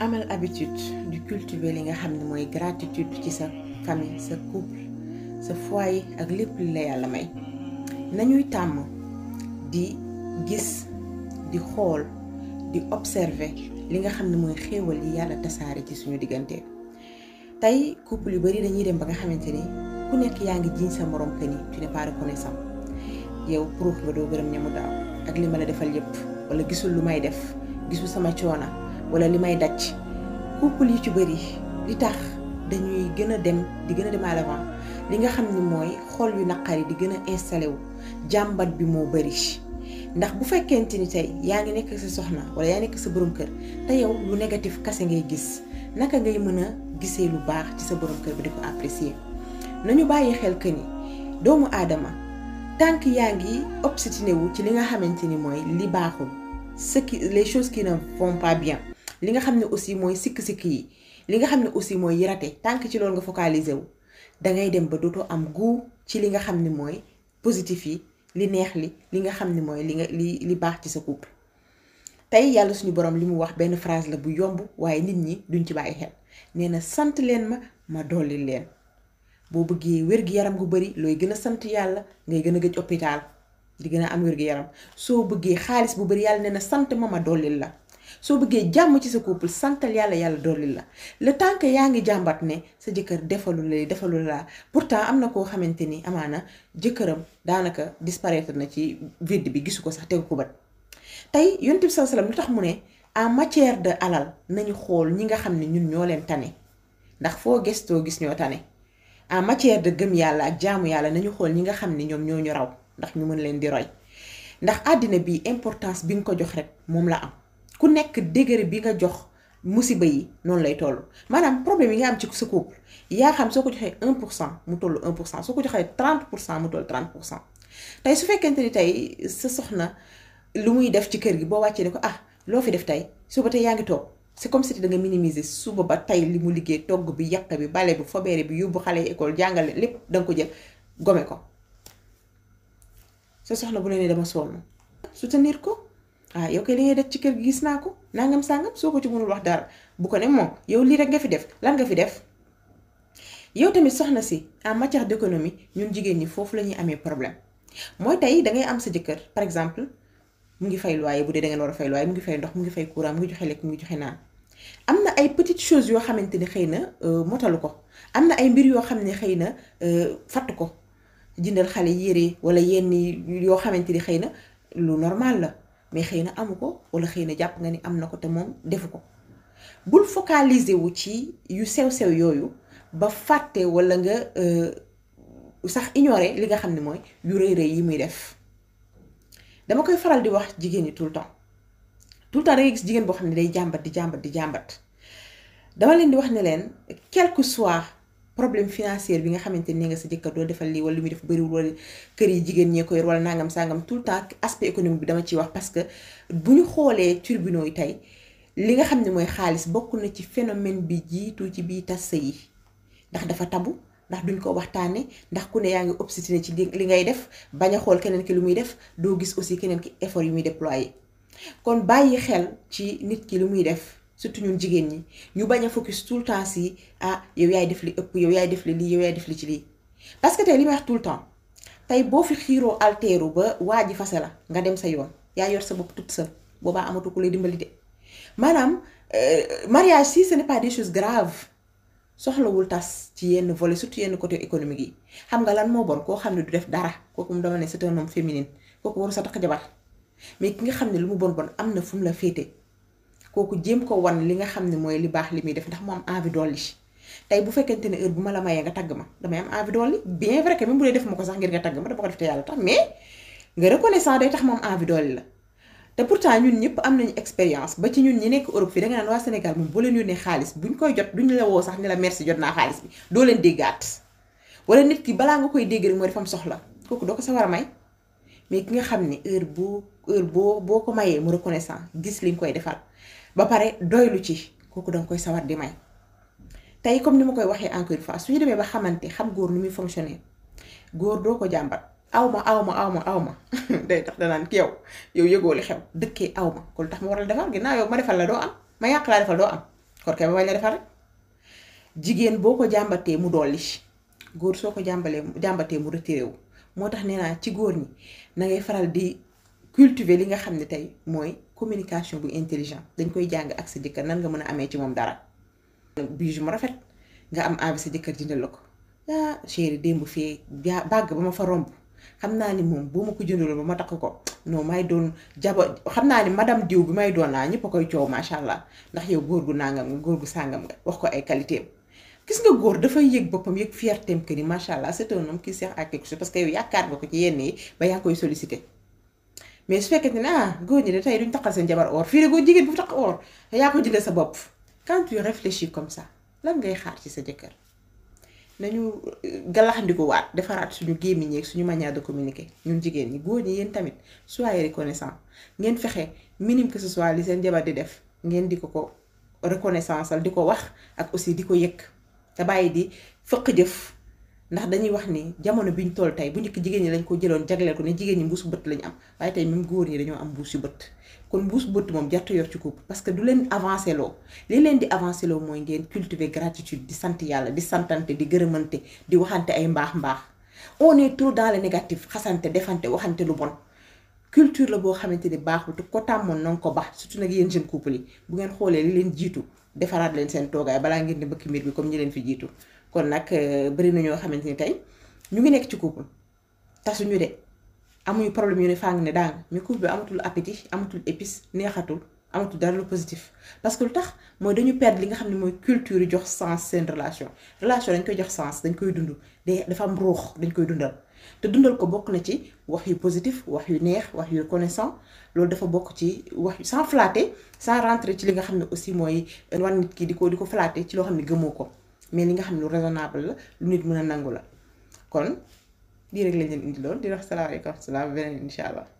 amal habitude di cultiver li nga xam ne mooy gratitude ci sa famille sa couple sa foyer ak lépp li la yàlla may nañuy tàmm di gis di xool di observer li nga xam ne mooy xéewal yi yàlla tasaare ci suñu diggante tey couple yu bari dañuy dem ba nga xamante ni ku nekk yaa ngi jiñ sa morom que ni tu n'es pas yow pour nga doo gërëm ñamu daaw ak li ma la defal yépp wala gisul lu may def gisul sama coona wala li may daj couple yu ci bëri li tax dañuy gën a dem di gën a li nga xam ni mooy xol yu naqari di gën a installé wu jàmbat bi moo bëri ndax bu fekkente ni tey yaa ngi nekk sa soxna wala yaa nekk sa borom kër te yow lu négatif kase ngay gis naka ngay mën a gisee lu baax ci sa borom kër bi di ko nañu bàyyi xel que doomu aadama tànk yaa ngi obstiné wu ci li nga xamante ni mooy li baaxul ce qui les choses qui ne vont bien li nga xam ne aussi mooy sikk-sikk yi li nga xam ne aussi mooy yarate rate tànk ci loolu nga focaliser wu da ngay dem ba dootoo am goût ci li nga xam ne mooy positif yi li neex li li nga xam ne mooy li nga li li baax ci sa couple tey yàlla suñu borom li mu wax benn frase la bu yomb waaye nit ñi duñ ci bàyyi xel nee na sant leen ma ma dolli leen boo bëggee wér gi yaram gu bari looy gën a sant yàlla ngay gën a gëj hôpital di gën a am wér gi yaram soo bëggee xaalis bu bari yàlla nee na sant ma ma dollil la soo bëggee jàmm ci sa couple santal yàlla yàlla dolli la le temps que yaa ngi jàmbat ne sa jëkkër defalu la defalu la pourtant am na koo xamante ni amaana jëkkëram daanaka disparaître na ci vide bi gisu ko sax tegu ko bët tey yonent bi sallallahu lu tax mu ne en matière de alal nañu xool ñi nga xam ne ñun ñoo leen tane ndax foo gestoo gis ñoo tane en matière de gëm yàlla ak jàmm yàlla nañu xool ñi nga xam ne ñoom ñoo ñu raw ndax ñu mën leen di roy ndax àddina bi importance bi nga ko jox moom la am ku nekk degré bi nga jox musiba yi noonu lay toll maanaam problème yi nga am ci sa couple yaa xam soo ko joxee 1 pour cent mu toll 1 pour cent soo ko joxee 30 pour cent mu toll pour cent tey su fekkente ni tey sa soxna lu muy def ci kër gi boo wàccee ne ko ah loo fi def tey suba tey yaa ngi toog c'est comme si da nga minimiser suba ba tey li mu liggéey togg bi yàq bi bale bi fobeere bi yóbbu xale yi école jàngale lépp danga ko jël gome ko sa soxna bu la nee dama sonn soutenir ko. ah yow kay li ngay def ci kër gi gis naa ko nangam sàngam soo ko ci mënul wax dara bu ko ne moom yow lii rek nga fi def lan nga fi def yow tamit soxna si en matière d'économie ñun jigéen ñi foofu la ñuy amee problème mooy tey da ngay am sa jëkkër par exemple mu ngi fay waaye bu dee da ngeen war a fay loyer mu ngi fay ndox mu ngi fay courant mu ngi joxe lekk mu ngi joxe naan am na ay petites chose yoo xamante ni xëy na euh, motalu ko am na ay mbir yoo xam ne xëy na euh, fatt ko jëndal xale yére wala yenn yoo xamante ni xëy na lu normal la. mais xëy na amu ko wala xëy na jàpp nga ni am na ko te moom defu ko bul focaliser wu ci yu sew-sew yooyu ba fàtte wala nga euh, sax ignorer li nga xam ne mooy yu rëy rëy yi muy def dama koy faral di wax jigéen ñi tout le temps tout le temps da ngay gis jigéen boo xam ne day jàmbat di jàmbat di jàmbat dama leen di wax ne leen quelque que problème financier bi nga xamante ni nga sa jëkkër doo defal lii wala lu muy def bëriwul wala kër yi jigéen ñee ko yor wala nangam sangam tout le temps aspect économique bi dama ciy wax parce que bu ñu xoolee tribunaux yi tey li nga xam ne mooy xaalis bokk na ci phénomène bi jiitu ci biir tas yi ndax dafa tabu ndax duñ ko waxtaane ndax ku ne yaa ngi obstiné ci li ngay def bañ a xool keneen ki lu muy def doo gis aussi keneen ki effort yu muy déployé kon bàyyi xel ci nit ki lu muy def. surtout ñun jigéen ñi ñu bañ a focus le temps si ah yow yaay ëpp yow yaay def li lii yow yaay def li ci lii parce que li may wax tout tey boo fi xiiroo alteeru ba waa ji fase la nga dem sa yoon yaa yor sa bopp toute boobaa amatu ku lay dimbali de maanaam euh, mariage si ce n'est pas des choses graves soxlawul tas ci yenn volet surtout yenn côté économique yi xam nga lan moo bon koo xam ne du def dara ko mu dama ne c'est un homme féminin kooku waru sa takk jabar mais ki nga xam ne lu mu bon bon am na fu mu la féete. kooku jéem ko wan li nga xam ne mooy li baax li muy def ndax mu am envie dolli tey bu fekkente ne heure bu ma la mayee nga tagg ma damay am envie dolli bien vrai que même dee def ko sax ngir nga tagg ma dama ko def te yàlla tax mais nga reconnaissant day tax te pourtant ñun ñëpp am nañu expérience ba ci ñun ñi nekk Europe fii da nga naan waa Sénégal moom boo leen yónnee xaalis buñ koy jot ñu la woo sax ni la merci jot naa xaalis bi doo leen déggaat wala nit ki balaa nga koy dégg rek mooy soxla kooku doo ko a may mais ki nga xam ne heure boo heure boo boo ko mayee mu reconnaissant gis li nga koy defal ba pare doylu ci kooku danga koy sawar di may tey comme ni ma koy waxee encore une fois su ñu demee ba xamante xam góor nu muy fonctionner góor doo ko jàmbat aw ma aw ma aw ma aw ma day tax danaan ki yow yow yëgoo li xew dëkkee aw ma kon tax ma war la defal ginnaaw yow ma defal la doo am ma yàq laa defal doo am kon kay ma bañ la defal rek jigéen boo ko jàmbatee mu dolli góor soo ko jàmbalee jàmbatee mu retiré wu moo tax nee naa ci góor ñi na ngay faral di. cultiver li nga xam ne tey mooy communication bu intelligent dañ koy jàng ak sa jëkkër nan nga mën a amee ci moom dara bijou mu rafet nga am envie sa jëkkër jëndal la ko ah chéri démb fee bàgg ba ma fa romb xam naa ni moom boo ma ko jëndaloon ba ma takk ko non may doon jabo xam naa ni madame diw bi may doon naa ñëpp koy coow macha allah ndax yow góor gu nangam nga góor gu sàngam nga wax ko ay qualité gis nga góor dafay yëg boppam yëg fierté que macha allah c'est un homme que yow yaakaar ko ci yenn ba yaa koy sollicité mais su fekkente ne ah góor ñi de tey duñ taxal seen jabar or fii de góor jigéen bu tax or yaa ko jëndee sa bopp quand tu réfléchis comme ça lan ngay xaar ci sa jëkkër nañu euh, galaxandiku waat defaraat suñu gémmiñ ak suñu manière de communiquer ñun jigéen ñi góor ñi yéen tamit soyez reconnaissant ngeen fexe minimum que ce li seen jabar di def ngeen di ko ko reconnaissance al di ko wax ak aussi di ko yëkk te bàyyi di fëq jëf. ndax dañuy wax ni jamono bi ñu toll tey bu njëkk jigéen ñi lañ ko jëloon jagleel ko ne jigéen ñi mbuus bët lañu am waaye tey même góor ñi dañoo am mbuus yu bët kon mbuus bët moom jartu yor ci couple parce que du leen avancé loo li leen di avancé loo mooy ngeen cultiver gratitude di sant yàlla di santante di gërëmante di waxante ay mbaax mbaax o est trop dans le négatif xasante defante waxante lu bon culture la boo xamante ni baaxul te ko tàmmoon na nga ko baax surtout nag yéen jeune couple yi bu ngeen xoolee li leen jiitu defaraat leen seen toogaay balaa ngeen di mbëkk mbir bi comme ñi leen fi jiitu kon nag euh, bëri na ñoo xamante ni tey ñu ngi nekk ci couple tasuñu de amuñu problème yu ne fàng ne daang mais couple bi amatul appétit amatul épice neexatul amatul dara lu positif parce que lu tax mooy dañu perdre li nga xam ne mooy culture yi jox sens seen relation relation dañ koy jox sens dañ koy dund day dafa am ruux dañ koy dundal. te dundal ko bokk na ci wax yu positif wax yu neex wax yu reconnaissant loolu dafa bokk ci wax yu san flatter sans rentrer ci li nga xam ne aussi mooy wan nit kii di ko di ko flatter ci loo xam ne gëmoo ko mais li nga xam ne lu raisonnable la lu nit mën a nangu la kon lii rek lañ leen indi loon di wax salaamaaleykum salaam beneen incha allah.